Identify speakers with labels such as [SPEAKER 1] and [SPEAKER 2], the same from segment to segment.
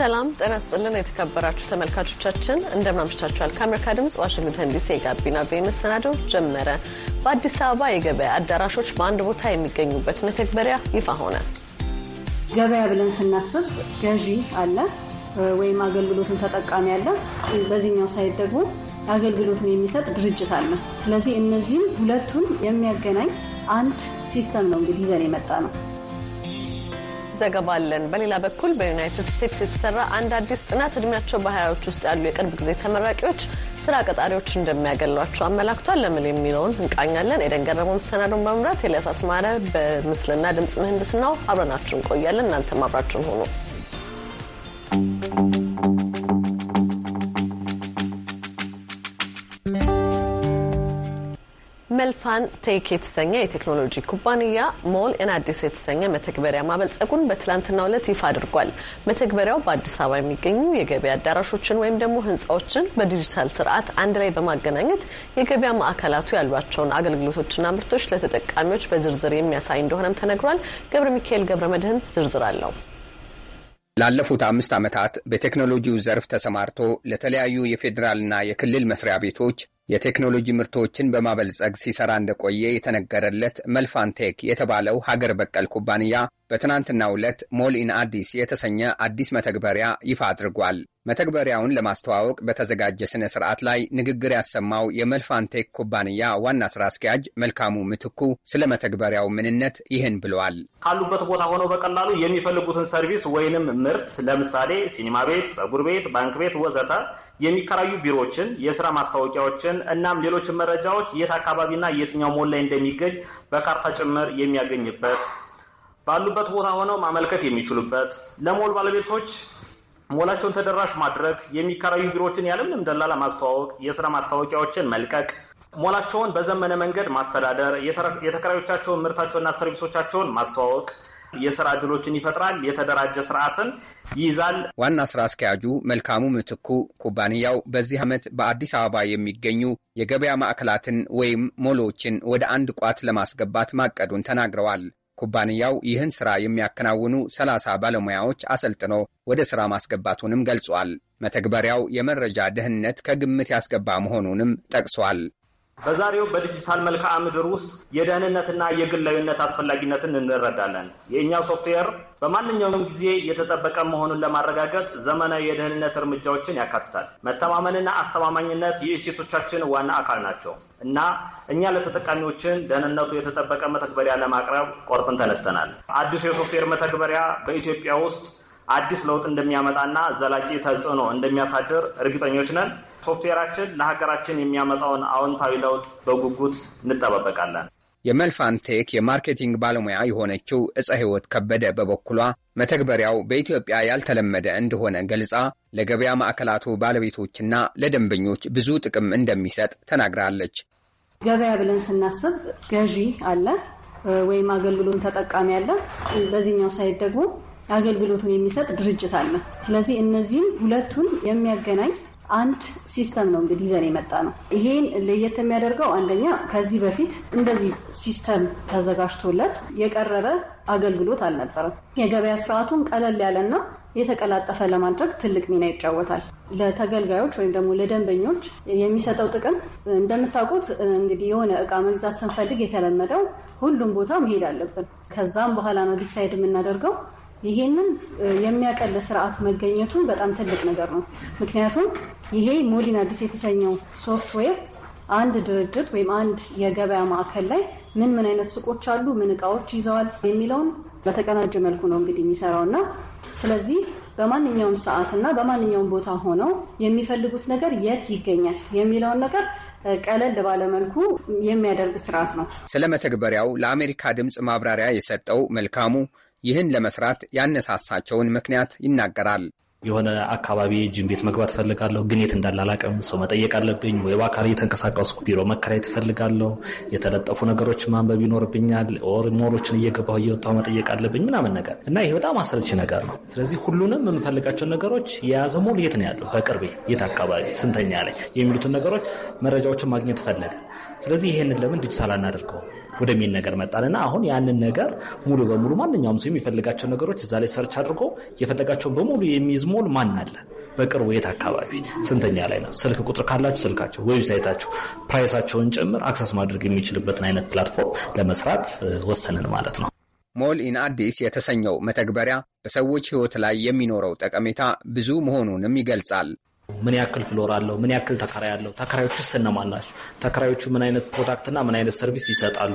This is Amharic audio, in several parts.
[SPEAKER 1] ሰላም ጤና ስጥልን። የተከበራችሁ ተመልካቾቻችን እንደምን አምሽታችኋል? ከአሜሪካ ድምጽ ዋሽንግተን ዲሲ የጋቢና ቤ መሰናደው ጀመረ። በአዲስ አበባ የገበያ አዳራሾች በአንድ ቦታ የሚገኙበት መተግበሪያ ይፋ ሆነ።
[SPEAKER 2] ገበያ ብለን ስናስብ ገዢ አለ ወይም አገልግሎቱን ተጠቃሚ አለ፣ በዚህኛው ሳይት ደግሞ አገልግሎቱን የሚሰጥ ድርጅት አለ። ስለዚህ እነዚህም ሁለቱን የሚያገናኝ አንድ ሲስተም ነው እንግዲህ ይዘን የመጣ ነው
[SPEAKER 1] ዘገባ አለን። በሌላ በኩል በዩናይትድ ስቴትስ የተሰራ አንድ አዲስ ጥናት እድሜያቸው በሀያዎች ውስጥ ያሉ የቅርብ ጊዜ ተመራቂዎች ስራ ቀጣሪዎች እንደሚያገሏቸው አመላክቷል። ለምን የሚለውን እንቃኛለን። ኤደን ገረመው መሰናዶን በመምራት ኤልያስ አስማረ በምስልና ድምፅ ምህንድስናው አብረናችሁ እንቆያለን። እናንተም አብራችሁን ሆኑ። ኢፋን ቴክ የተሰኘ የቴክኖሎጂ ኩባንያ ሞል አዲስ የተሰኘ መተግበሪያ ማበልጸጉን በትላንትናው ዕለት ይፋ አድርጓል። መተግበሪያው በአዲስ አበባ የሚገኙ የገበያ አዳራሾችን ወይም ደግሞ ህንፃዎችን በዲጂታል ስርዓት አንድ ላይ በማገናኘት የገበያ ማዕከላቱ ያሏቸውን አገልግሎቶችና ምርቶች ለተጠቃሚዎች በዝርዝር የሚያሳይ እንደሆነም ተነግሯል። ገብረ ሚካኤል ገብረ መድህን
[SPEAKER 3] ዝርዝር አለው። ላለፉት አምስት ዓመታት በቴክኖሎጂው ዘርፍ ተሰማርቶ ለተለያዩ የፌዴራልና የክልል መስሪያ ቤቶች የቴክኖሎጂ ምርቶችን በማበልጸግ ሲሰራ እንደቆየ የተነገረለት መልፋንቴክ የተባለው ሀገር በቀል ኩባንያ በትናንትናው ዕለት ሞል ኢን አዲስ የተሰኘ አዲስ መተግበሪያ ይፋ አድርጓል። መተግበሪያውን ለማስተዋወቅ በተዘጋጀ ስነ ስርዓት ላይ ንግግር ያሰማው የመልፋንቴክ ኩባንያ ዋና ስራ አስኪያጅ መልካሙ ምትኩ ስለ መተግበሪያው ምንነት ይህን ብለዋል። ካሉበት
[SPEAKER 4] ቦታ ሆነው በቀላሉ የሚፈልጉትን ሰርቪስ ወይንም ምርት ለምሳሌ ሲኒማ ቤት፣ ጸጉር ቤት፣ ባንክ ቤት ወዘተ የሚከራዩ ቢሮዎችን፣ የስራ ማስታወቂያዎችን እናም ሌሎችን መረጃዎች የት አካባቢና የትኛው ሞል ላይ እንደሚገኝ በካርታ ጭምር የሚያገኝበት ባሉበት ቦታ ሆነው ማመልከት የሚችሉበት ለሞል ባለቤቶች ሞላቸውን ተደራሽ ማድረግ፣ የሚከራዩ ቢሮዎችን ያለምንም ደላላ ማስተዋወቅ፣ የስራ ማስታወቂያዎችን መልቀቅ፣ ሞላቸውን በዘመነ መንገድ ማስተዳደር፣ የተከራዮቻቸውን ምርታቸውና ሰርቪሶቻቸውን ማስተዋወቅ የስራ እድሎችን ይፈጥራል። የተደራጀ ስርዓትን ይይዛል።
[SPEAKER 3] ዋና ስራ አስኪያጁ መልካሙ ምትኩ ኩባንያው በዚህ ዓመት በአዲስ አበባ የሚገኙ የገበያ ማዕከላትን ወይም ሞሎችን ወደ አንድ ቋት ለማስገባት ማቀዱን ተናግረዋል። ኩባንያው ይህን ሥራ የሚያከናውኑ 30 ባለሙያዎች አሰልጥኖ ወደ ሥራ ማስገባቱንም ገልጿል። መተግበሪያው የመረጃ ደህንነት ከግምት ያስገባ መሆኑንም ጠቅሷል። በዛሬው
[SPEAKER 4] በዲጂታል መልክዓ ምድር ውስጥ የደህንነትና የግላዊነት አስፈላጊነትን
[SPEAKER 3] እንረዳለን።
[SPEAKER 4] የእኛ ሶፍትዌር በማንኛውም ጊዜ የተጠበቀ መሆኑን ለማረጋገጥ ዘመናዊ የደህንነት እርምጃዎችን ያካትታል። መተማመንና አስተማማኝነት የእሴቶቻችን ዋና አካል ናቸው እና እኛ ለተጠቃሚዎችን ደህንነቱ የተጠበቀ መተግበሪያ ለማቅረብ ቆርጥን ተነስተናል። አዲሱ የሶፍትዌር መተግበሪያ በኢትዮጵያ ውስጥ አዲስ ለውጥ እንደሚያመጣና ዘላቂ ተጽዕኖ እንደሚያሳድር እርግጠኞች ነን። ሶፍትዌራችን ለሀገራችን የሚያመጣውን አዎንታዊ ለውጥ በጉጉት እንጠባበቃለን።
[SPEAKER 3] ቴክ የማርኬቲንግ ባለሙያ የሆነችው እፀ ሕይወት ከበደ በበኩሏ መተግበሪያው በኢትዮጵያ ያልተለመደ እንደሆነ ገልጻ ለገበያ ማዕከላቱ ባለቤቶችና ለደንበኞች ብዙ ጥቅም እንደሚሰጥ ተናግራለች።
[SPEAKER 2] ገበያ ብለን ስናስብ ገዢ አለ ወይም አገልግሎት ተጠቃሚ አለ። በዚህኛው ሳይት ደግሞ አገልግሎቱን የሚሰጥ ድርጅት አለ። ስለዚህ እነዚህም ሁለቱን የሚያገናኝ አንድ ሲስተም ነው እንግዲህ ይዘን የመጣ ነው። ይሄን ለየት የሚያደርገው አንደኛ ከዚህ በፊት እንደዚህ ሲስተም ተዘጋጅቶለት የቀረበ አገልግሎት አልነበረም። የገበያ ስርዓቱን ቀለል ያለና የተቀላጠፈ ለማድረግ ትልቅ ሚና ይጫወታል። ለተገልጋዮች ወይም ደግሞ ለደንበኞች የሚሰጠው ጥቅም እንደምታውቁት እንግዲህ የሆነ እቃ መግዛት ስንፈልግ የተለመደው ሁሉም ቦታ መሄድ አለብን። ከዛም በኋላ ነው ዲሳይድ የምናደርገው ይሄንን የሚያቀል ስርዓት መገኘቱን በጣም ትልቅ ነገር ነው። ምክንያቱም ይሄ ሞዲን አዲስ የተሰኘው ሶፍትዌር አንድ ድርጅት ወይም አንድ የገበያ ማዕከል ላይ ምን ምን አይነት ሱቆች አሉ፣ ምን እቃዎች ይዘዋል የሚለውን በተቀናጀ መልኩ ነው እንግዲህ የሚሰራው እና ስለዚህ በማንኛውም ሰዓት እና በማንኛውም ቦታ ሆነው የሚፈልጉት ነገር የት ይገኛል የሚለውን ነገር ቀለል ባለመልኩ
[SPEAKER 3] የሚያደርግ ስርዓት ነው። ስለ መተግበሪያው ለአሜሪካ ድምፅ ማብራሪያ የሰጠው መልካሙ ይህን ለመስራት ያነሳሳቸውን ምክንያት ይናገራል።
[SPEAKER 4] የሆነ አካባቢ ጅም ቤት መግባት እፈልጋለሁ፣ ግን የት እንዳለ ሰው መጠየቅ አለብኝ ወይ በአካል እየተንቀሳቀስኩ ቢሮ መከራየት እፈልጋለሁ። የተለጠፉ ነገሮች ማንበብ ይኖርብኛል። ኦር ሞሮችን እየገባሁ እየወጣሁ መጠየቅ አለብኝ ምናምን ነገር እና ይሄ በጣም አሰልቺ ነገር ነው። ስለዚህ ሁሉንም የምፈልጋቸውን ነገሮች የያዘ ሞል የት ነው ያለው፣ በቅርቤ፣ የት አካባቢ፣ ስንተኛ ላይ የሚሉትን ነገሮች መረጃዎችን ማግኘት ፈለገ። ስለዚህ ይህንን ለምን ዲጂታል አናደርገው? ወደሚል ነገር መጣንና አሁን ያንን ነገር ሙሉ በሙሉ ማንኛውም ሰው የሚፈልጋቸው ነገሮች እዛ ላይ ሰርች አድርጎ የፈለጋቸውን በሙሉ የሚይዝ ሞል ማን አለ? በቅርቡ የት አካባቢ ስንተኛ ላይ ነው? ስልክ ቁጥር ካላችሁ ስልካቸው፣ ዌብሳይታቸው፣ ፕራይሳቸውን ጭምር አክሰስ ማድረግ የሚችልበትን አይነት ፕላትፎርም ለመስራት ወሰንን ማለት ነው።
[SPEAKER 3] ሞል ኢን አዲስ የተሰኘው መተግበሪያ በሰዎች ሕይወት ላይ የሚኖረው ጠቀሜታ ብዙ መሆኑንም ይገልጻል። ምን ያክል ፍሎር አለው? ምን ያክል ተከራይ አለው? ተከራዮቹ እነማን ናቸው? ተከራዮቹ ምን አይነት
[SPEAKER 4] ፕሮዳክትና ምን አይነት ሰርቪስ ይሰጣሉ?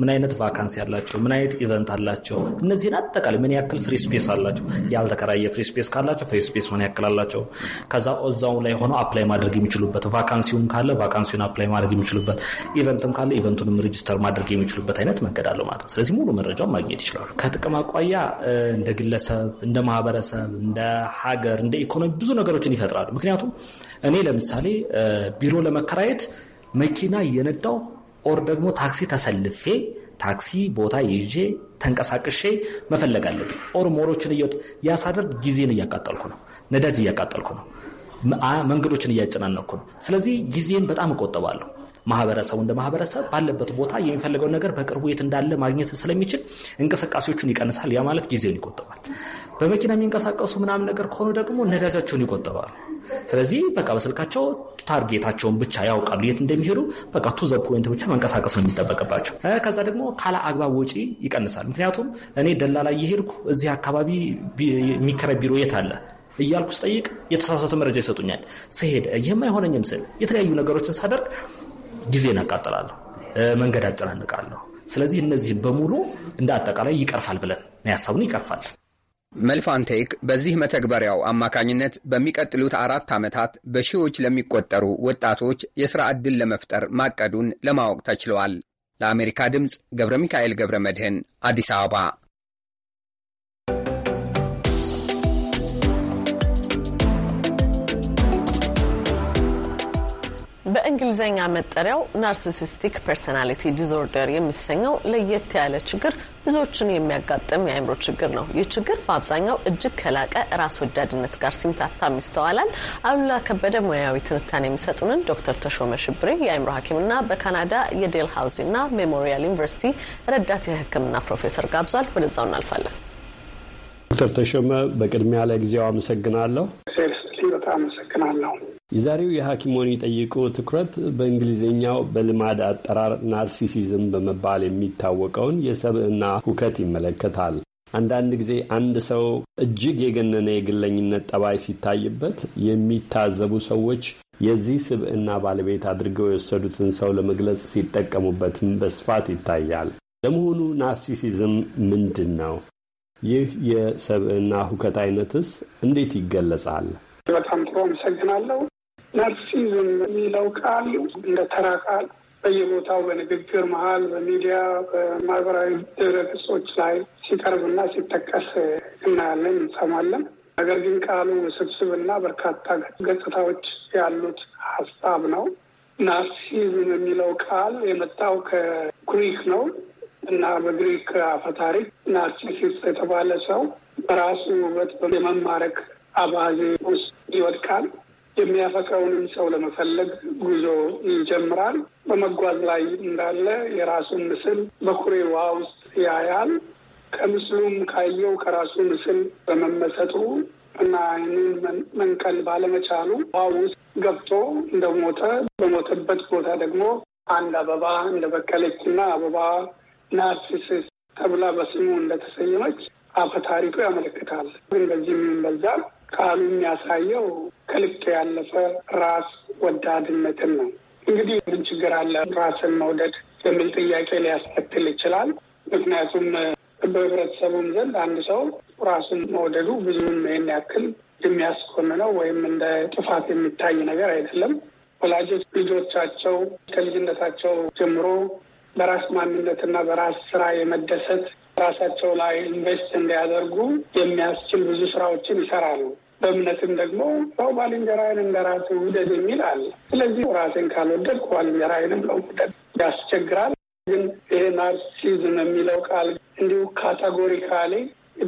[SPEAKER 4] ምን አይነት ቫካንሲ አላቸው? ምን አይነት ኢቨንት አላቸው? እነዚህን አጠቃላይ ምን ያክል ፍሪ ስፔስ አላቸው? ያልተከራየ ፍሪ ስፔስ ካላቸው ፍሪ ስፔስ ምን ያክል አላቸው? ከዛ እዛው ላይ ሆነው አፕላይ ማድረግ የሚችሉበት፣ ቫካንሲውም ካለ ቫካንሲውን አፕላይ ማድረግ የሚችሉበት፣ ኢቨንትም ካለ ኢቨንቱንም ሬጅስተር ማድረግ የሚችሉበት አይነት መንገድ አለው ማለት ነው። ስለዚህ ሙሉ መረጃውን ማግኘት ይችላሉ። ከጥቅም አቋያ እንደ ግለሰብ፣ እንደ ማህበረሰብ፣ እንደ ሀገር፣ እንደ ኢኮኖሚ ብዙ ነገሮችን ይፈጥራሉ። ምክንያቱም ምክንያቱም እኔ ለምሳሌ ቢሮ ለመከራየት መኪና እየነዳው ኦር ደግሞ ታክሲ ተሰልፌ ታክሲ ቦታ ይዤ ተንቀሳቅሼ መፈለግ አለብኝ። ኦር ሞሮችን እየወጥ ያሳደር ጊዜን እያቃጠልኩ ነው፣ ነዳጅ እያቃጠልኩ ነው፣ መንገዶችን እያጨናነኩ ነው። ስለዚህ ጊዜን በጣም እቆጠባለሁ። ማህበረሰቡ እንደ ማህበረሰብ ባለበት ቦታ የሚፈልገውን ነገር በቅርቡ የት እንዳለ ማግኘት ስለሚችል እንቅስቃሴዎቹን ይቀንሳል። ያ ማለት ጊዜውን ይቆጥባል። በመኪና የሚንቀሳቀሱ ምናምን ነገር ከሆኑ ደግሞ ነዳጃቸውን ይቆጥባሉ። ስለዚህ በቃ በስልካቸው ታርጌታቸውን ብቻ ያውቃሉ፣ የት እንደሚሄዱ በቃ ቱ ዘ ፖይንት ብቻ መንቀሳቀስ ነው የሚጠበቅባቸው። ከዛ ደግሞ ካለ አግባብ ወጪ ይቀንሳል። ምክንያቱም እኔ ደላላ እየሄድኩ እዚህ አካባቢ የሚከራይ ቢሮ የት አለ እያልኩ ስጠይቅ የተሳሳተ መረጃ ይሰጡኛል። ስሄድ ይህም አይሆነኝም ስል የተለያዩ ነገሮችን ሳደርግ ጊዜን አቃጠላለሁ
[SPEAKER 3] መንገድ አጨናንቃለሁ። ስለዚህ እነዚህ በሙሉ እንደ አጠቃላይ ይቀርፋል ብለን ነው ይቀርፋል። መልፋንቴክ በዚህ መተግበሪያው አማካኝነት በሚቀጥሉት አራት ዓመታት በሺዎች ለሚቆጠሩ ወጣቶች የሥራ ዕድል ለመፍጠር ማቀዱን ለማወቅ ተችለዋል። ለአሜሪካ ድምፅ ገብረ ሚካኤል ገብረ መድህን አዲስ አበባ
[SPEAKER 1] በእንግሊዝኛ መጠሪያው ናርሲሲስቲክ ፐርሶናሊቲ ዲዞርደር የሚሰኘው ለየት ያለ ችግር ብዙዎችን የሚያጋጥም የአእምሮ ችግር ነው። ይህ ችግር በአብዛኛው እጅግ ከላቀ ራስ ወዳድነት ጋር ሲምታታም ይስተዋላል። አሉላ ከበደ ሙያዊ ትንታኔ የሚሰጡንን ዶክተር ተሾመ ሽብሬ የአእምሮ ሐኪምና በካናዳ የዴል እና ሜሞሪያል ዩኒቨርሲቲ ረዳት የሕክምና ፕሮፌሰር ጋብዟል። ወደዛው እናልፋለን።
[SPEAKER 5] ዶክተር ተሾመ በቅድሚያ ለጊዜው አመሰግናለሁ።
[SPEAKER 6] አመሰግናለሁ።
[SPEAKER 5] የዛሬው የሐኪሞን ይጠይቁ ትኩረት በእንግሊዝኛው በልማድ አጠራር ናርሲሲዝም በመባል የሚታወቀውን የሰብዕና ሁከት ይመለከታል። አንዳንድ ጊዜ አንድ ሰው እጅግ የገነነ የግለኝነት ጠባይ ሲታይበት የሚታዘቡ ሰዎች የዚህ ስብዕና ባለቤት አድርገው የወሰዱትን ሰው ለመግለጽ ሲጠቀሙበትም በስፋት ይታያል። ለመሆኑ ናርሲሲዝም ምንድን ነው? ይህ የሰብዕና ሁከት አይነትስ እንዴት ይገለጻል?
[SPEAKER 6] በጣም ጥሩ አመሰግናለሁ። ናርሲዝም የሚለው ቃል እንደ ተራ ቃል በየቦታው በንግግር መሀል በሚዲያ በማህበራዊ ድረገጾች ላይ ሲቀርብና ሲጠቀስ እናያለን፣ እንሰማለን። ነገር ግን ቃሉ ውስብስብና በርካታ ገጽታዎች ያሉት ሀሳብ ነው። ናርሲዝም የሚለው ቃል የመጣው ከግሪክ ነው እና በግሪክ አፈታሪክ ናርሲሲስ የተባለ ሰው በራሱ ውበት የመማረክ አባዜ ውስጥ ይወድቃል። የሚያፈቅረውንም ሰው ለመፈለግ ጉዞ ይጀምራል። በመጓዝ ላይ እንዳለ የራሱን ምስል በኩሬ ውሃ ውስጥ ያያል። ከምስሉም ካየው ከራሱ ምስል በመመሰጡ እና አይኑን መንቀል ባለመቻሉ ውሃ ውስጥ ገብቶ እንደሞተ በሞተበት ቦታ ደግሞ አንድ አበባ እና አበባ ናርሲስስ ተብላ በስሙ እንደተሰየመች አፈ ታሪኩ ያመለክታል። እንደዚህም በዛ ቃሉ የሚያሳየው ከልክ ያለፈ ራስ ወዳድነትን ነው። እንግዲህ ምን ችግር አለ ራስን መውደድ የሚል ጥያቄ ሊያስከትል ይችላል። ምክንያቱም በህብረተሰቡም ዘንድ አንድ ሰው ራሱን መውደዱ ብዙም ይህን ያክል የሚያስኮንነው ወይም እንደ ጥፋት የሚታይ ነገር አይደለም። ወላጆች ልጆቻቸው ከልጅነታቸው ጀምሮ በራስ ማንነትና በራስ ስራ የመደሰት ራሳቸው ላይ ኢንቨስት እንዲያደርጉ የሚያስችል ብዙ ስራዎችን ይሰራሉ። በእምነትም ደግሞ ሰው ባልንጀራዬን እንደ ራሴ ውደድ የሚል አለ። ስለዚህ ራሴን ካልወደድኩ ባልንጀራዬንም ለውደድ ያስቸግራል። ግን ይሄ ናርሲዝም የሚለው ቃል እንዲሁ ካታጎሪካሊ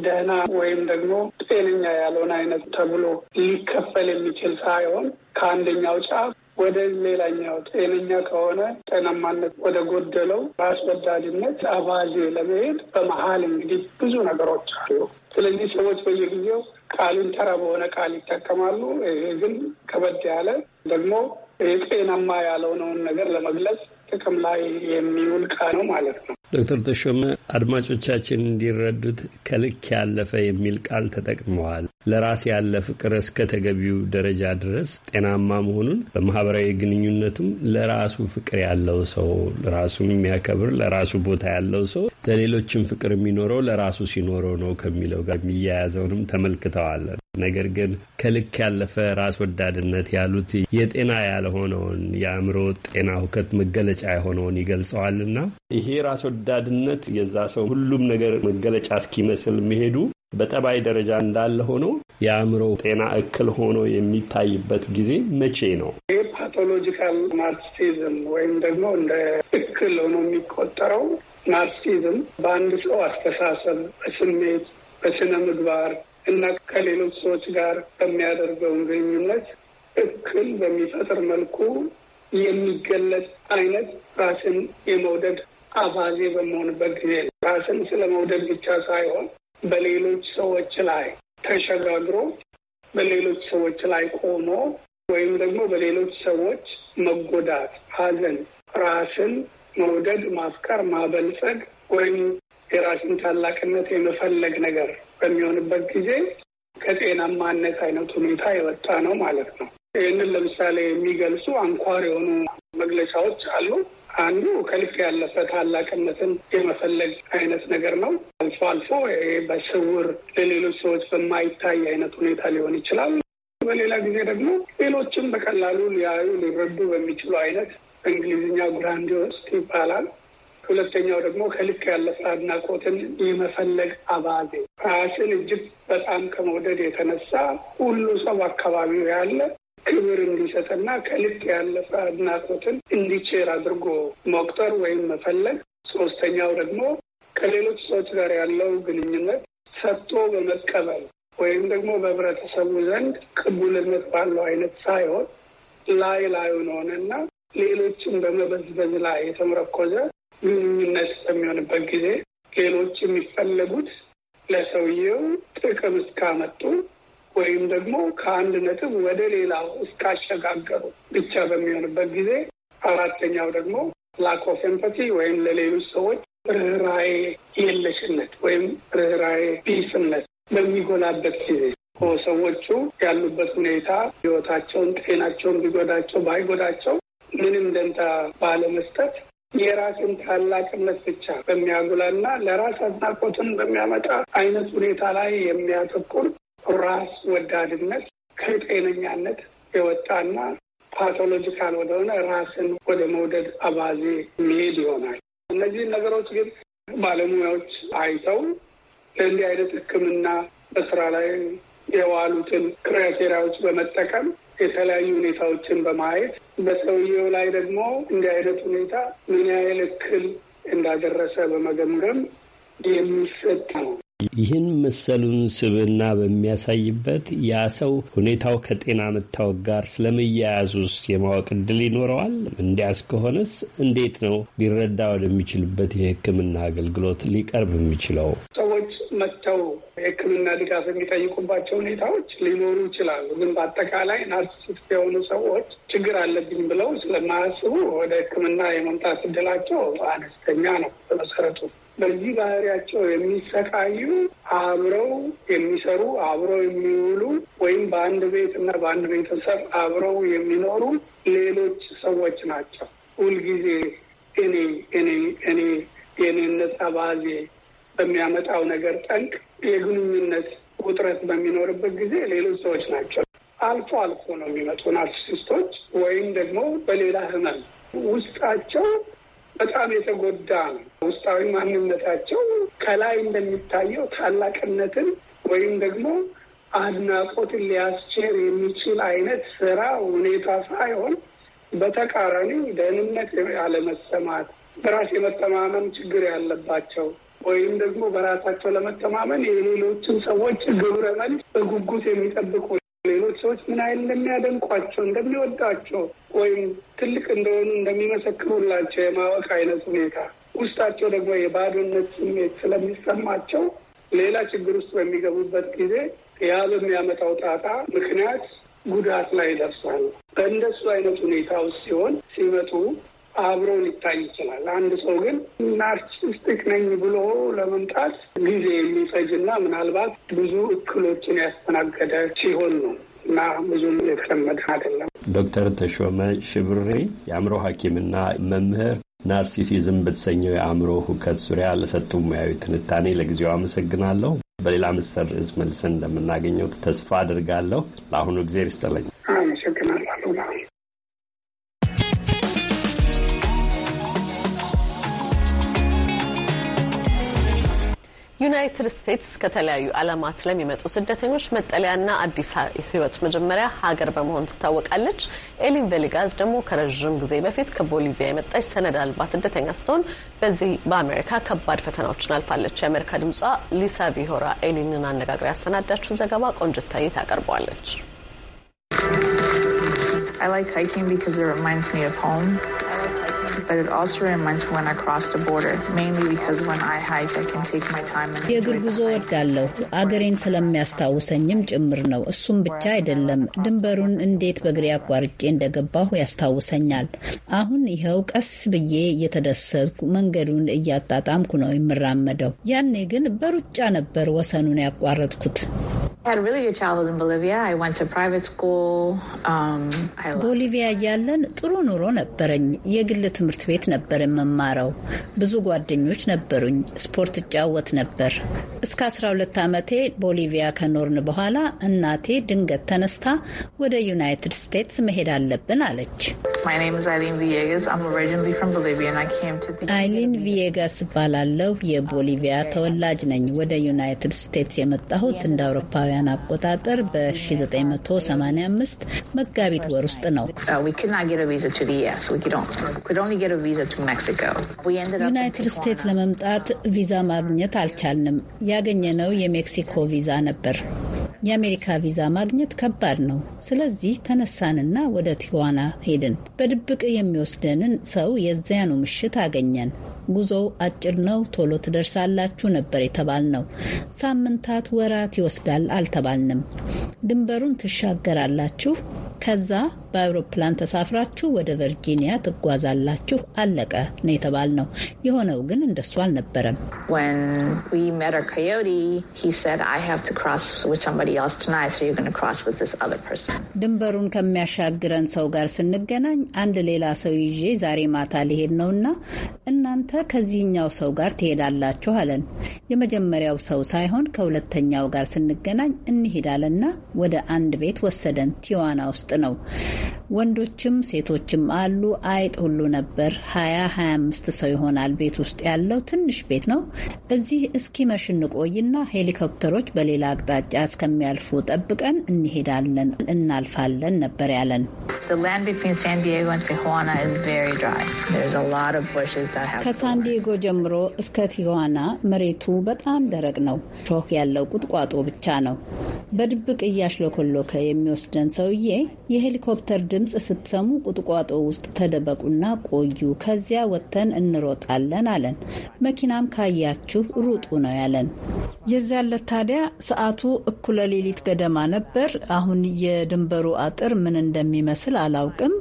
[SPEAKER 6] ደህና ወይም ደግሞ ጤነኛ ያልሆነ አይነት ተብሎ ሊከፈል የሚችል ሳይሆን ከአንደኛው ጫፍ ወደ ሌላኛው ጤነኛ ከሆነ ጤናማነት ወደ ጎደለው በአስወዳድነት አባዜ ለመሄድ በመሀል እንግዲህ ብዙ ነገሮች አሉ። ስለዚህ ሰዎች በየጊዜው ቃሉን ተራ በሆነ ቃል ይጠቀማሉ። ይሄ ግን ከበድ ያለ ደግሞ ጤናማ ያለውነውን ነገር ለመግለጽ ጥቅም ላይ የሚውል ቃል ነው ማለት ነው።
[SPEAKER 5] ዶክተር ተሾመ አድማጮቻችን እንዲረዱት ከልክ ያለፈ የሚል ቃል ተጠቅመዋል። ለራስ ያለ ፍቅር እስከ ተገቢው ደረጃ ድረስ ጤናማ መሆኑን በማህበራዊ ግንኙነቱም ለራሱ ፍቅር ያለው ሰው ራሱን የሚያከብር ለራሱ ቦታ ያለው ሰው ለሌሎችም ፍቅር የሚኖረው ለራሱ ሲኖረው ነው ከሚለው ጋር የሚያያዘውንም ተመልክተዋል። ነገር ግን ከልክ ያለፈ ራስ ወዳድነት ያሉት የጤና ያልሆነውን የአእምሮ ጤና ሁከት መገለጫ የሆነውን ይገልጸዋልና ይሄ ራስ ወዳድነት የዛ ሰው ሁሉም ነገር መገለጫ እስኪመስል መሄዱ በጠባይ ደረጃ እንዳለ ሆኖ የአእምሮ ጤና እክል ሆኖ የሚታይበት ጊዜ መቼ ነው?
[SPEAKER 6] ይህ ፓቶሎጂካል ናርሲዝም ወይም ደግሞ እንደ እክል ሆኖ የሚቆጠረው ናርሲዝም በአንድ ሰው አስተሳሰብ፣ በስሜት፣ ከስነ ምግባር እና ከሌሎች ሰዎች ጋር በሚያደርገውን ግንኙነት እክል በሚፈጥር መልኩ የሚገለጽ አይነት ራስን የመውደድ አባዜ በመሆንበት ጊዜ ራስን ስለ መውደድ ብቻ ሳይሆን በሌሎች ሰዎች ላይ ተሸጋግሮ በሌሎች ሰዎች ላይ ቆሞ ወይም ደግሞ በሌሎች ሰዎች መጎዳት፣ ሐዘን፣ ራስን መውደድ፣ ማፍቀር፣ ማበልጸግ ወይም የራስን ታላቅነት የመፈለግ ነገር በሚሆንበት ጊዜ ከጤናማነት አይነት ሁኔታ የወጣ ነው ማለት ነው። ይህንን ለምሳሌ የሚገልጹ አንኳር የሆኑ መግለጫዎች አሉ። አንዱ ከልክ ያለፈ ታላቅነትን የመፈለግ አይነት ነገር ነው። አልፎ አልፎ በስውር ለሌሎች ሰዎች በማይታይ አይነት ሁኔታ ሊሆን ይችላል። በሌላ ጊዜ ደግሞ ሌሎችም በቀላሉ ሊያዩ ሊረዱ በሚችሉ አይነት በእንግሊዝኛ ግራንዲዮስ ይባላል። ሁለተኛው ደግሞ ከልክ ያለፈ አድናቆትን የመፈለግ አባዜ ራስን እጅግ በጣም ከመውደድ የተነሳ ሁሉ ሰው አካባቢው ያለ ክብር እንዲሰጥና ከልክ ያለፈ አድናቆትን እንዲችር አድርጎ መቁጠር ወይም መፈለግ። ሶስተኛው ደግሞ ከሌሎች ሰዎች ጋር ያለው ግንኙነት ሰጥቶ በመቀበል ወይም ደግሞ በህብረተሰቡ ዘንድ ቅቡልነት ባለው አይነት ሳይሆን ላይ ላዩን ሆነና ሌሎችን በመበዝበዝ ላይ የተመረኮዘ ምንነት በሚሆንበት ጊዜ ሌሎች የሚፈለጉት ለሰውየው ጥቅም እስካመጡ ወይም ደግሞ ከአንድ ነጥብ ወደ ሌላው እስካሸጋገሩ ብቻ በሚሆንበት ጊዜ፣ አራተኛው ደግሞ ላክ ኦፍ ኤምፓቲ ወይም ለሌሎች ሰዎች ርኅራዬ የለሽነት ወይም ርኅራዬ ቢስነት በሚጎላበት ጊዜ ሰዎቹ ያሉበት ሁኔታ ህይወታቸውን ጤናቸውን ቢጎዳቸው ባይጎዳቸው ምንም ደንታ ባለመስጠት የራስን ታላቅነት ብቻ በሚያጉላና ለራስ አድናቆትን በሚያመጣ አይነት ሁኔታ ላይ የሚያተኩር ራስ ወዳድነት ከጤነኛነት የወጣና ፓቶሎጂካል ወደሆነ ራስን ወደ መውደድ አባዜ መሄድ ይሆናል። እነዚህ ነገሮች ግን ባለሙያዎች አይተው ለእንዲህ አይነት ሕክምና በስራ ላይ የዋሉትን ክራይቴሪያዎች በመጠቀም የተለያዩ ሁኔታዎችን በማየት በሰውየው ላይ ደግሞ እንዲህ አይነት ሁኔታ ምን ያህል እክል እንዳደረሰ በመገምገም የሚሰጥ ነው።
[SPEAKER 5] ይህን መሰሉን ስብና በሚያሳይበት ያ ሰው ሁኔታው ከጤና መታወቅ ጋር ስለመያያዙስ የማወቅ እድል ይኖረዋል? እንዲያስ ከሆነስ እንዴት ነው ሊረዳ ወደሚችልበት የሕክምና አገልግሎት ሊቀርብ የሚችለው?
[SPEAKER 6] ሰዎች መጥተው የሕክምና ድጋፍ የሚጠይቁባቸው ሁኔታዎች ሊኖሩ ይችላሉ። ግን በአጠቃላይ ናርሲስት የሆኑ ሰዎች ችግር አለብኝ ብለው ስለማያስቡ ወደ ሕክምና የመምጣት እድላቸው አነስተኛ ነው በመሰረቱ በዚህ ባህሪያቸው የሚሰቃዩ አብረው የሚሰሩ አብረው የሚውሉ ወይም በአንድ ቤት እና በአንድ ቤተሰብ አብረው የሚኖሩ ሌሎች ሰዎች ናቸው። ሁልጊዜ እኔ እኔ እኔ የእኔነት አባዜ በሚያመጣው ነገር ጠንቅ የግንኙነት ውጥረት በሚኖርበት ጊዜ ሌሎች ሰዎች ናቸው። አልፎ አልፎ ነው የሚመጡ ናርሲሲስቶች ወይም ደግሞ በሌላ ህመም ውስጣቸው በጣም የተጎዳ ነው። ውስጣዊ ማንነታቸው ከላይ እንደሚታየው ታላቅነትን ወይም ደግሞ አድናቆትን ሊያስቸር የሚችል አይነት ስራ ሁኔታ ሳይሆን በተቃራኒ ደህንነት ያለመሰማት፣ በራስ የመተማመን ችግር ያለባቸው ወይም ደግሞ በራሳቸው ለመተማመን የሌሎችን ሰዎች ግብረ መልስ በጉጉት የሚጠብቁ ሌሎች ሰዎች ምን ያህል እንደሚያደንቋቸው እንደሚወዳቸው፣ ወይም ትልቅ እንደሆኑ እንደሚመሰክሩላቸው የማወቅ አይነት ሁኔታ ውስጣቸው ደግሞ የባዶነት ስሜት ስለሚሰማቸው ሌላ ችግር ውስጥ በሚገቡበት ጊዜ ያ በሚያመጣው ጣጣ ምክንያት ጉዳት ላይ ደርሷል። በእንደሱ አይነት ሁኔታ ውስጥ ሲሆን ሲመጡ አብሮ ሊታይ ይችላል። አንድ ሰው ግን ናርሲስቲክ ነኝ ብሎ ለመምጣት ጊዜ የሚፈጅና ምናልባት ብዙ እክሎችን ያስተናገደ ሲሆን ነው። እና ብዙም የተለመደ አይደለም።
[SPEAKER 5] ዶክተር ተሾመ ሽብሬ የአእምሮ ሐኪምና መምህር ናርሲሲዝም በተሰኘው የአእምሮ ሁከት ዙሪያ ለሰጡ ሙያዊ ትንታኔ ለጊዜው አመሰግናለሁ። በሌላ ምስር ርዕስ መልስን እንደምናገኘው ተስፋ አድርጋለሁ። ለአሁኑ ጊዜ ይስጥልኝ።
[SPEAKER 1] ዩናይትድ ስቴትስ ከተለያዩ ዓለማት ለሚመጡ ስደተኞች መጠለያና አዲስ ሕይወት መጀመሪያ ሀገር በመሆን ትታወቃለች። ኤሊን ቬሊጋዝ ደግሞ ከረዥም ጊዜ በፊት ከቦሊቪያ የመጣች ሰነድ አልባ ስደተኛ ስትሆን በዚህ በአሜሪካ ከባድ ፈተናዎችን አልፋለች። የአሜሪካ ድምጿ ሊሳ ቪሆራ ኤሊንን አነጋግራ ያሰናዳችውን ዘገባ ቆንጅታይ ታቀርበዋለች።
[SPEAKER 7] I like hiking because it reminds me of home. የእግር ጉዞ ወዳለሁ
[SPEAKER 8] አገሬን ስለሚያስታውሰኝም ጭምር ነው። እሱም ብቻ አይደለም፣ ድንበሩን እንዴት በእግሬ አቋርጬ እንደገባሁ ያስታውሰኛል። አሁን ይኸው ቀስ ብዬ እየተደሰትኩ መንገዱን እያጣጣምኩ ነው የምራመደው። ያኔ ግን በሩጫ ነበር ወሰኑን ያቋረጥኩት። um, ቦሊቪያ እያለን ጥሩ ኑሮ ነበረኝ። የግል ትምህርት ትምህርት ቤት ነበር የምማረው። ብዙ ጓደኞች ነበሩኝ። ስፖርት እጫወት ነበር። እስከ 12 ዓመቴ ቦሊቪያ ከኖርን በኋላ እናቴ ድንገት ተነስታ ወደ ዩናይትድ ስቴትስ መሄድ አለብን አለች። አይሊን ቪየጋስ እባላለሁ። የቦሊቪያ ተወላጅ ነኝ። ወደ ዩናይትድ ስቴትስ የመጣሁት እንደ አውሮፓውያን አቆጣጠር በ1985 መጋቢት
[SPEAKER 7] ወር ውስጥ ነው። uh, ዩናይትድ ስቴትስ
[SPEAKER 8] ለመምጣት ቪዛ ማግኘት አልቻልንም። ያገኘነው የሜክሲኮ ቪዛ ነበር። የአሜሪካ ቪዛ ማግኘት ከባድ ነው። ስለዚህ ተነሳንና ወደ ቲዋና ሄድን። በድብቅ የሚወስደንን ሰው የዚያኑ ምሽት አገኘን። ጉዞው አጭር ነው፣ ቶሎ ትደርሳላችሁ ነበር የተባልነው። ሳምንታት፣ ወራት ይወስዳል አልተባልንም። ድንበሩን ትሻገራላችሁ ከዛ በአውሮፕላን ተሳፍራችሁ ወደ ቨርጂኒያ ትጓዛላችሁ፣ አለቀ ነው የተባል ነው። የሆነው ግን እንደሱ አልነበረም። ድንበሩን ከሚያሻግረን ሰው ጋር ስንገናኝ አንድ ሌላ ሰው ይዤ ዛሬ ማታ ሊሄድ ነውና እናንተ ከዚህኛው ሰው ጋር ትሄዳላችሁ አለን። የመጀመሪያው ሰው ሳይሆን ከሁለተኛው ጋር ስንገናኝ እንሄዳለና ወደ አንድ ቤት ወሰደን። ቲዋና ውስጥ ነው። ወንዶችም ሴቶችም አሉ። አይጥ ሁሉ ነበር። ሀያ ሀያ አምስት ሰው ይሆናል ቤት ውስጥ ያለው ትንሽ ቤት ነው። እዚህ እስኪ መሽን ቆይና ሄሊኮፕተሮች በሌላ አቅጣጫ እስከሚያልፉ ጠብቀን እንሄዳለን፣ እናልፋለን ነበር ያለን። ከሳንዲዬጎ ጀምሮ እስከ ቲዋና መሬቱ በጣም ደረቅ ነው። ሾህ ያለው ቁጥቋጦ ብቻ ነው። በድብቅ እያሽለኮሎከ የሚወስደን ሰውዬ የሄሊኮፕተር ድምፅ ስትሰሙ ቁጥቋጦ ውስጥ ተደበቁና ቆዩ፣ ከዚያ ወጥተን እንሮጣለን አለን። መኪናም ካያችሁ ሩጡ ነው ያለን። የዚያ ታዲያ ሰዓቱ እኩለ ሌሊት ገደማ ነበር። አሁን የድንበሩ አጥር ምን እንደሚመስል አላውቅም።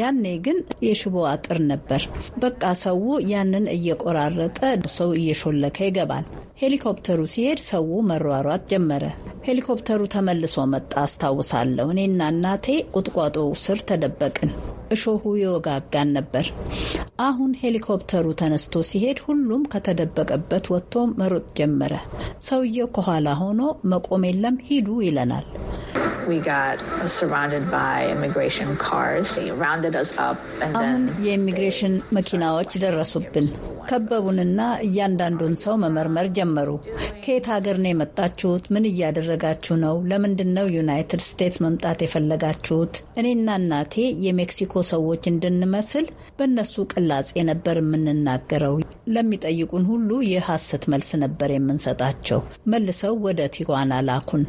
[SPEAKER 8] ያኔ ግን የሽቦ አጥር ነበር። በቃ ሰው ያንን እየቆራረጠ ሰው እየሾለከ ይገባል። ሄሊኮፕተሩ ሲሄድ ሰው መሯሯጥ ጀመረ። ሄሊኮፕተሩ ተመልሶ መጣ አስታውሳለሁ። እኔና እናቴ ቁጥቋጦው ስር ተደበቅን። እሾሁ የወጋጋን ነበር። አሁን ሄሊኮፕተሩ ተነስቶ ሲሄድ ሁሉም ከተደበቀበት ወጥቶ መሮጥ ጀመረ። ሰውየው ከኋላ ሆኖ መቆም የለም ሂዱ ይለናል።
[SPEAKER 7] አሁን የኢሚግሬሽን መኪናዎች ደረሱብን።
[SPEAKER 8] ከበቡንና እያንዳንዱን ሰው መመርመር ጀመሩ። ከየት ሀገር ነው የመጣችሁት? ምን እያደረጋችሁ ነው? ለምንድን ነው ዩናይትድ ስቴትስ መምጣት የፈለጋችሁት? እኔና እናቴ የሜክሲኮ ሰዎች እንድንመስል በእነሱ ቅላጼ ነበር የምንናገረው። ለሚጠይቁን ሁሉ የሐሰት መልስ ነበር የምንሰጣቸው። መልሰው ወደ
[SPEAKER 7] ቲዋና ላኩን።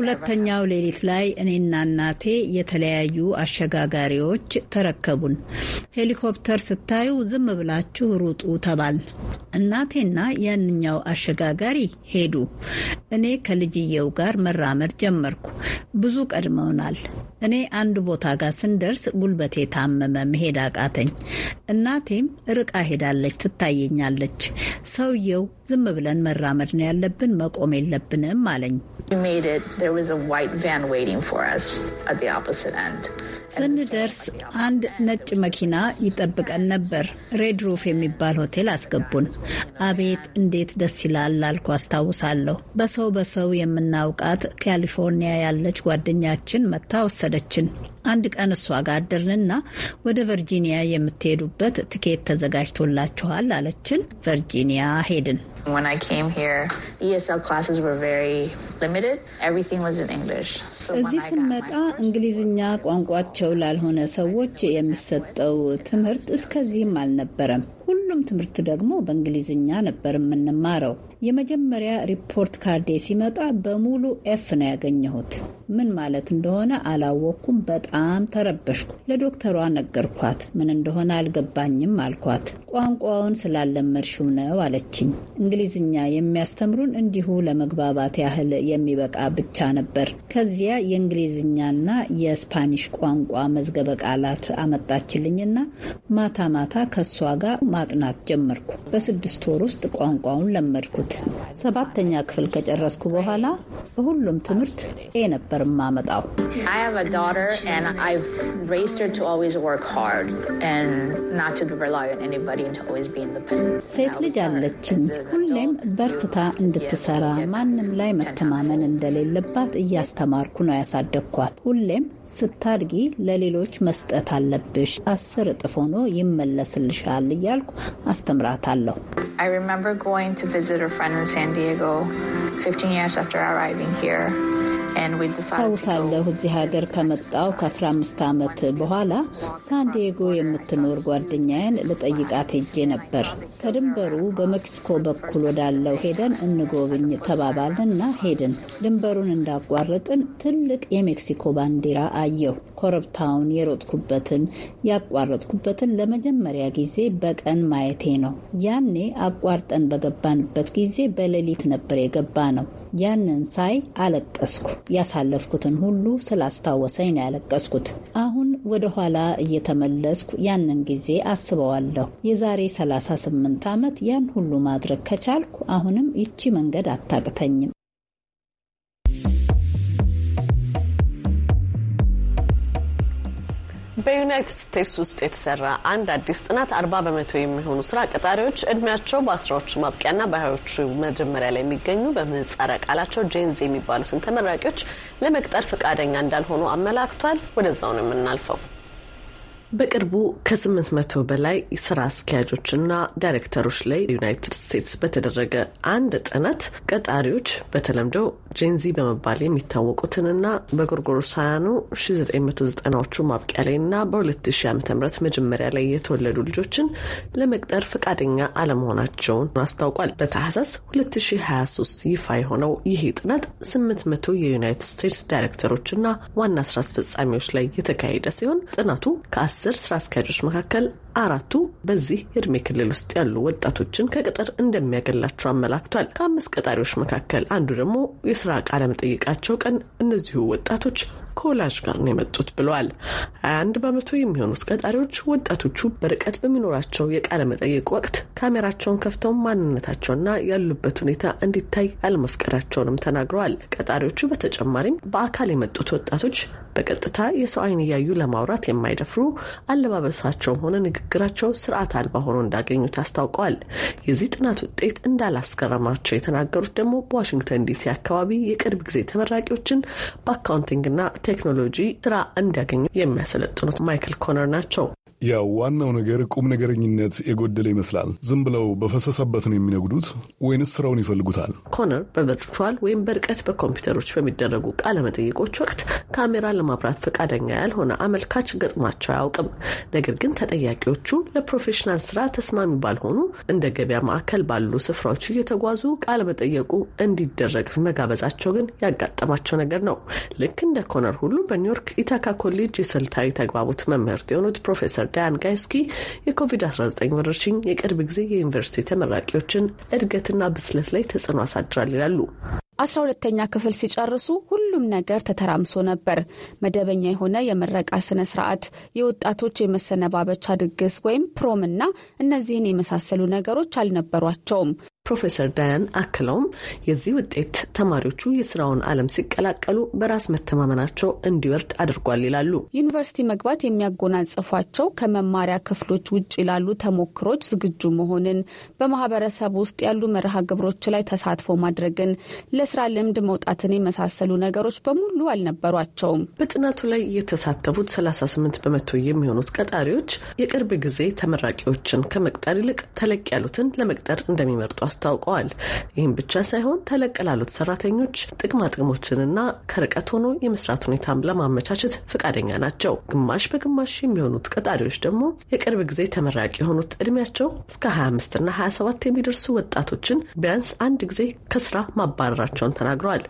[SPEAKER 8] ሁለተኛው ሌሊት ላይ እኔና እናቴ የተለያዩ አሸጋጋሪዎች ተረከቡን። ሄሊኮፕተር ስታዩ ዝም ብላችሁ ሩጡ ተባል። እናቴና ያንኛው አሸጋጋሪ ሄዱ። እኔ ከልጅየው ጋር መራመድ ጀመርኩ። ብዙ ቀድመውናል። እኔ አንድ ቦታ ጋር ስንደርስ ጉልበቴ ታመመ፣ መሄድ አቃተኝ። እናቴም ርቃ ሄዳለች፣ ትታየኛለች። ሰውየው ዝም ብለን መራመድ ነው ያለብን፣ መቆም የለብንም አለኝ። ስንደርስ አንድ ነጭ መኪና ይጠብቀን ነበር። ሬድ ሩፍ የሚባል ሆቴል አስገቡን። አቤት እንዴት ደስ ይላል ላልኩ አስታውሳለሁ። በሰው በሰው የምናውቃት ካሊፎርኒያ ያለች ጓደኛችን መታ ወሰደ dachin. አንድ ቀን እሷ ጋር አደርንና ወደ ቨርጂኒያ የምትሄዱበት ትኬት ተዘጋጅቶላችኋል
[SPEAKER 7] አለችን። ቨርጂኒያ ሄድን። እዚህ
[SPEAKER 8] ስንመጣ እንግሊዝኛ ቋንቋቸው ላልሆነ ሰዎች የሚሰጠው ትምህርት እስከዚህም አልነበረም። ሁሉም ትምህርት ደግሞ በእንግሊዝኛ ነበር የምንማረው። የመጀመሪያ ሪፖርት ካርዴ ሲመጣ በሙሉ ኤፍ ነው ያገኘሁት። ምን ማለት እንደሆነ አላወቅኩም። በጣም በጣም ተረበሽኩ። ለዶክተሯ ነገርኳት። ምን እንደሆነ አልገባኝም አልኳት። ቋንቋውን ስላለመድሽው ነው አለችኝ። እንግሊዝኛ የሚያስተምሩን እንዲሁ ለመግባባት ያህል የሚበቃ ብቻ ነበር። ከዚያ የእንግሊዝኛና የስፓኒሽ ቋንቋ መዝገበ ቃላት አመጣችልኝና ማታ ማታ ከእሷ ጋር ማጥናት ጀመርኩ። በስድስት ወር ውስጥ ቋንቋውን ለመድኩት። ሰባተኛ ክፍል ከጨረስኩ በኋላ በሁሉም ትምህርት ኤ ነበር ማመጣው።
[SPEAKER 7] And I've raised her to always work hard and not to rely on anybody and to always be independent.
[SPEAKER 8] ሴት ልጅ አለችኝ። ሁሌም በርትታ እንድትሰራ ማንም ላይ መተማመን እንደሌለባት እያስተማርኩ ነው ያሳደግኳት። ሁሌም ስታድጊ ለሌሎች መስጠት አለብሽ። አስር እጥፍ ሆኖ ይመለስልሻል እያልኩ አስተምራታለሁ።
[SPEAKER 7] ታውሳለሁ እዚህ ሀገር ከመጣው ከ15 ዓመት
[SPEAKER 8] በኋላ ሳንዲየጎ የምትኖር ጓደኛዬን ልጠይቃት ሄጄ ነበር። ከድንበሩ በሜክሲኮ በኩል ወዳለው ሄደን እንጎብኝ ተባባልንና ሄድን። ድንበሩን እንዳቋረጥን ትልቅ የሜክሲኮ ባንዲራ አየሁ። ኮረብታውን የሮጥኩበትን ያቋረጥኩበትን ለመጀመሪያ ጊዜ በቀን ማየቴ ነው። ያኔ አቋርጠን በገባንበት ጊዜ በሌሊት ነበር የገባ ነው። ያንን ሳይ አለቀስኩ። ያሳለፍኩትን ሁሉ ስላስታወሰኝ ነው ያለቀስኩት። አሁን ወደ ኋላ እየተመለስኩ ያንን ጊዜ አስበዋለሁ። የዛሬ 38 ዓመት ያን ሁሉ ማድረግ ከቻልኩ አሁንም ይቺ መንገድ አታቅተኝም።
[SPEAKER 1] በዩናይትድ ስቴትስ ውስጥ የተሰራ አንድ አዲስ ጥናት አርባ በመቶ የሚሆኑ ስራ ቀጣሪዎች እድሜያቸው በአስራዎቹ ማብቂያና በሀያዎቹ መጀመሪያ ላይ የሚገኙ በምህጻረ ቃላቸው ጄንዝ የሚባሉትን ተመራቂዎች ለመቅጠር ፈቃደኛ እንዳልሆኑ አመላክቷል። ወደዛው ነው የምናልፈው። በቅርቡ ከ800 በላይ ስራ አስኪያጆችና ዳይሬክተሮች ላይ ዩናይትድ ስቴትስ በተደረገ አንድ ጥናት ቀጣሪዎች በተለምደው ጄንዚ በመባል የሚታወቁትንና በጎርጎሮሳውያኑ 1990ዎቹ ማብቂያ ላይና በ2000 ዓ ም መጀመሪያ ላይ የተወለዱ ልጆችን ለመቅጠር ፈቃደኛ አለመሆናቸውን አስታውቋል። በታህሳስ 2023 ይፋ የሆነው ይህ ጥናት 800 የዩናይትድ ስቴትስ ዳይሬክተሮችና ዋና ስራ አስፈጻሚዎች ላይ የተካሄደ ሲሆን ጥናቱ ከ አስር ስራ አስኪያጆች መካከል አራቱ በዚህ የእድሜ ክልል ውስጥ ያሉ ወጣቶችን ከቅጥር እንደሚያገላቸው አመላክቷል። ከአምስት ቀጣሪዎች መካከል አንዱ ደግሞ የስራ ቃለ መጠይቃቸው ቀን እነዚሁ ወጣቶች ከወላጅ ጋር ነው የመጡት ብለዋል። አንድ በመቶ የሚሆኑት ቀጣሪዎች ወጣቶቹ በርቀት በሚኖራቸው የቃለ መጠየቅ ወቅት ካሜራቸውን ከፍተው ማንነታቸውና ያሉበት ሁኔታ እንዲታይ አለመፍቀዳቸውንም ተናግረዋል። ቀጣሪዎቹ በተጨማሪም በአካል የመጡት ወጣቶች በቀጥታ የሰው አይን እያዩ ለማውራት የማይደፍሩ አለባበሳቸውም ሆነ ንግግራቸው ስርዓት አልባ ሆኖ እንዳገኙት አስታውቀዋል። የዚህ ጥናት ውጤት እንዳላስገረማቸው የተናገሩት ደግሞ በዋሽንግተን ዲሲ አካባቢ የቅርብ ጊዜ ተመራቂዎችን በአካውንቲንግና ቴክኖሎጂ ስራ እንዲያገኙ የሚያሰለጥኑት
[SPEAKER 9] ማይክል ኮነር ናቸው። ያው ዋናው ነገር ቁም ነገረኝነት የጎደለ ይመስላል። ዝም ብለው በፈሰሰበት ነው የሚነጉዱት ወይንስ ስራውን ይፈልጉታል?
[SPEAKER 1] ኮነር በቨርቹዋል ወይም በርቀት በኮምፒውተሮች በሚደረጉ መጠይቆች ወቅት ካሜራ ለማብራት ፈቃደኛ ያልሆነ አመልካች ገጥሟቸው አያውቅም። ነገር ግን ተጠያቂዎቹ ለፕሮፌሽናል ስራ ተስማሚ ባልሆኑ እንደ ገበያ ማዕከል ባሉ ስፍራዎች እየተጓዙ ቃለመጠየቁ እንዲደረግ መጋበዛቸው ግን ያጋጠማቸው ነገር ነው። ልክ እንደ ኮነር ሁሉ በኒውዮርክ ኢታካ ኮሌጅ የስልታዊ ተግባቦት መምህርት የሆኑት ፕሮፌሰር ዳያን ጋይስኪ የኮቪድ-19 ወረርሽኝ የቅርብ ጊዜ የዩኒቨርሲቲ ተመራቂዎችን እድገትና ብስለት ላይ ተጽዕኖ አሳድራል ይላሉ።
[SPEAKER 2] አስራ ሁለተኛ ክፍል ሲጨርሱ ሁሉም ነገር ተተራምሶ ነበር። መደበኛ የሆነ የምረቃ ስነ ስርዓት፣ የወጣቶች የመሰነባበቻ ድግስ ወይም ፕሮምና እነዚህን የመሳሰሉ ነገሮች
[SPEAKER 1] አልነበሯቸውም። ፕሮፌሰር ዳያን አክለውም የዚህ ውጤት ተማሪዎቹ የስራውን ዓለም ሲቀላቀሉ በራስ መተማመናቸው እንዲወርድ አድርጓል ይላሉ።
[SPEAKER 2] ዩኒቨርሲቲ መግባት የሚያጎናጽፏቸው ከመማሪያ ክፍሎች ውጭ ላሉ ተሞክሮች ዝግጁ መሆንን፣ በማህበረሰብ ውስጥ ያሉ መርሃ ግብሮች ላይ ተሳትፎ ማድረግን፣ ለስራ ልምድ መውጣትን
[SPEAKER 1] የመሳሰሉ ነገሮች በሙሉ አልነበሯቸውም። በጥናቱ ላይ የተሳተፉት 38 በመቶ የሚሆኑት ቀጣሪዎች የቅርብ ጊዜ ተመራቂዎችን ከመቅጠር ይልቅ ተለቅ ያሉትን ለመቅጠር እንደሚመርጡ አስ አስታውቀዋል። ይህም ብቻ ሳይሆን ተለቅ ላሉት ሰራተኞች ጥቅማ ጥቅሞችንና ከርቀት ሆኖ የመስራት ሁኔታም ለማመቻቸት ፈቃደኛ ናቸው። ግማሽ በግማሽ የሚሆኑት ቀጣሪዎች ደግሞ የቅርብ ጊዜ ተመራቂ የሆኑት እድሜያቸው እስከ 25ና 27 የሚደርሱ ወጣቶችን ቢያንስ አንድ ጊዜ ከስራ ማባረራቸውን ተናግረዋል።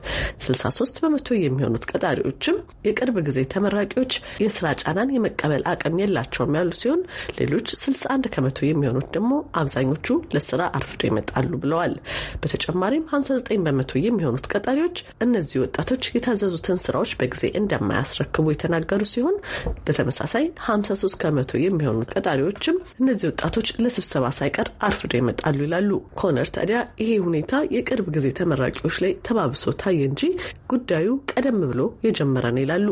[SPEAKER 1] 63 በመቶ የሚሆኑት ቀጣሪዎችም የቅርብ ጊዜ ተመራቂዎች የስራ ጫናን የመቀበል አቅም የላቸውም ያሉ ሲሆን ሌሎች 61 ከመቶ የሚሆኑት ደግሞ አብዛኞቹ ለስራ አርፍዶ ይመጣሉ ይችላሉ ብለዋል። በተጨማሪም 59 በመቶ የሚሆኑት ቀጣሪዎች እነዚህ ወጣቶች የታዘዙትን ስራዎች በጊዜ እንደማያስረክቡ የተናገሩ ሲሆን በተመሳሳይ 53 ከመቶ የሚሆኑት ቀጣሪዎችም እነዚህ ወጣቶች ለስብሰባ ሳይቀር አርፍዶ ይመጣሉ ይላሉ። ኮነር ታዲያ ይሄ ሁኔታ የቅርብ ጊዜ ተመራቂዎች ላይ ተባብሶ ታየ እንጂ
[SPEAKER 9] ጉዳዩ ቀደም ብሎ የጀመረ ነው ይላሉ።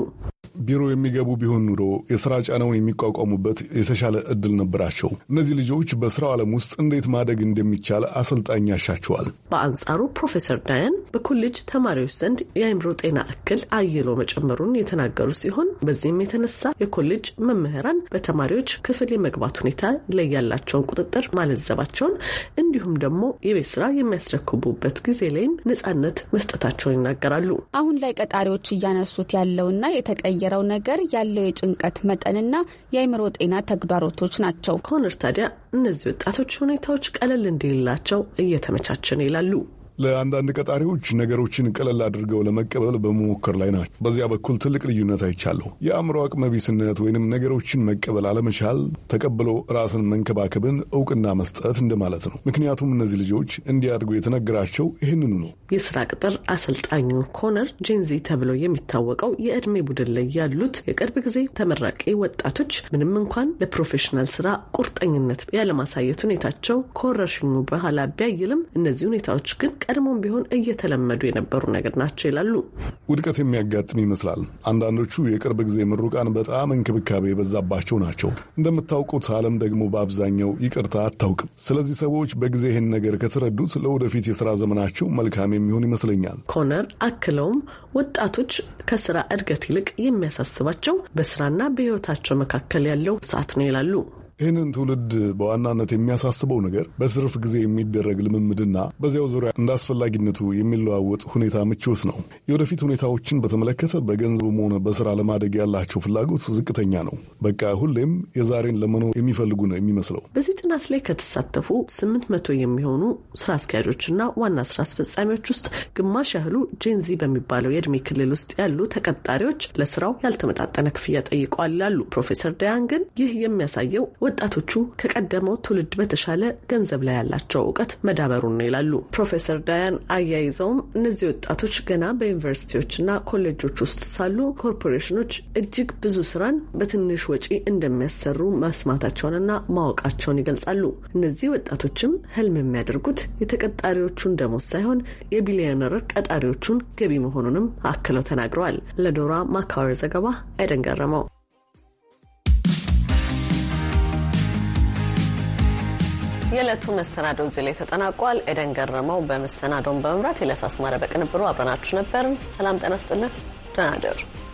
[SPEAKER 9] ቢሮ የሚገቡ ቢሆን ኑሮ የስራ ጫናውን የሚቋቋሙበት የተሻለ እድል ነበራቸው። እነዚህ ልጆች በስራው ዓለም ውስጥ እንዴት ማደግ እንደሚቻል አሰልጣኝ ያሻቸዋል።
[SPEAKER 1] በአንጻሩ ፕሮፌሰር ዳያን በኮሌጅ ተማሪዎች ዘንድ የአእምሮ ጤና እክል አይሎ መጨመሩን የተናገሩ ሲሆን በዚህም የተነሳ የኮሌጅ መምህራን በተማሪዎች ክፍል የመግባት ሁኔታ ላይ ያላቸውን ቁጥጥር ማለዘባቸውን እንዲሁም ደግሞ የቤት ስራ የሚያስረክቡበት ጊዜ ላይም ነጻነት መስጠታቸውን ይናገራሉ።
[SPEAKER 2] አሁን ላይ ቀጣሪዎች እያነሱት ያለውና የተቀየ የቀየረው ነገር ያለው የጭንቀት መጠንና
[SPEAKER 1] የአይምሮ ጤና ተግዳሮቶች ናቸው። ኮነር ታዲያ እነዚህ ወጣቶች ሁኔታዎች ቀለል እንዲልላቸው እየተመቻቸን ይላሉ።
[SPEAKER 9] ለአንዳንድ ቀጣሪዎች ነገሮችን ቀለል አድርገው ለመቀበል በመሞከር ላይ ናቸው። በዚያ በኩል ትልቅ ልዩነት አይቻለሁ። የአእምሮ አቅመቢስነት ወይንም ነገሮችን መቀበል አለመቻል ተቀብሎ ራስን መንከባከብን እውቅና መስጠት እንደማለት ነው። ምክንያቱም እነዚህ ልጆች እንዲያድጉ የተነገራቸው ይህንኑ ነው። የስራ ቅጥር አሰልጣኙ
[SPEAKER 1] ኮነር ጄንዚ ተብሎ የሚታወቀው የእድሜ ቡድን ላይ ያሉት የቅርብ ጊዜ ተመራቂ ወጣቶች ምንም እንኳን ለፕሮፌሽናል ስራ ቁርጠኝነት ያለማሳየት ሁኔታቸው ከወረርሽኙ በኋላ ቢያይልም እነዚህ ሁኔታዎች ግን ቀድሞም ቢሆን እየተለመዱ የነበሩ ነገር ናቸው
[SPEAKER 9] ይላሉ። ውድቀት የሚያጋጥም ይመስላል። አንዳንዶቹ የቅርብ ጊዜ ምሩቃን በጣም እንክብካቤ የበዛባቸው ናቸው። እንደምታውቁት ዓለም ደግሞ በአብዛኛው ይቅርታ አታውቅም። ስለዚህ ሰዎች በጊዜ ይህን ነገር ከተረዱት ለወደፊት የስራ ዘመናቸው መልካም የሚሆን ይመስለኛል። ኮነር አክለውም ወጣቶች ከስራ እድገት ይልቅ የሚያሳስባቸው በስራና በህይወታቸው መካከል ያለው ሰዓት ነው ይላሉ። ይህንን ትውልድ በዋናነት የሚያሳስበው ነገር በትርፍ ጊዜ የሚደረግ ልምምድና በዚያው ዙሪያ እንደ አስፈላጊነቱ የሚለዋወጥ ሁኔታ ምቾት ነው። የወደፊት ሁኔታዎችን በተመለከተ በገንዘብም ሆነ በስራ ለማደግ ያላቸው ፍላጎት ዝቅተኛ ነው። በቃ ሁሌም የዛሬን ለመኖር የሚፈልጉ ነው የሚመስለው።
[SPEAKER 1] በዚህ ጥናት ላይ ከተሳተፉ ስምንት መቶ የሚሆኑ ስራ አስኪያጆችና ዋና ስራ አስፈጻሚዎች ውስጥ ግማሽ ያህሉ ጄንዚ በሚባለው የእድሜ ክልል ውስጥ ያሉ ተቀጣሪዎች ለስራው ያልተመጣጠነ ክፍያ ጠይቀዋል ይላሉ ፕሮፌሰር ዳያን ግን ይህ የሚያሳየው ወጣቶቹ ከቀደመው ትውልድ በተሻለ ገንዘብ ላይ ያላቸው እውቀት መዳበሩን ነው ይላሉ ፕሮፌሰር ዳያን። አያይዘውም እነዚህ ወጣቶች ገና በዩኒቨርሲቲዎችና ኮሌጆች ውስጥ ሳሉ ኮርፖሬሽኖች እጅግ ብዙ ስራን በትንሽ ወጪ እንደሚያሰሩ መስማታቸውንና ማወቃቸውን ይገልጻሉ። እነዚህ ወጣቶችም ህልም የሚያደርጉት የተቀጣሪዎቹን ደሞዝ ሳይሆን የቢሊዮነር ቀጣሪዎቹን ገቢ መሆኑንም አክለው ተናግረዋል። ለዶራ ማካወር ዘገባ አይደንገረመው የዕለቱ መሰናዶ እዚህ ላይ ተጠናቋል። ኤደን ገረመው በመሰናዶውን በመምራት የለስ አስማረ በቅንብሩ አብረናችሁ ነበርን። ሰላም ጤና ስጥልን። ደህና ደሩ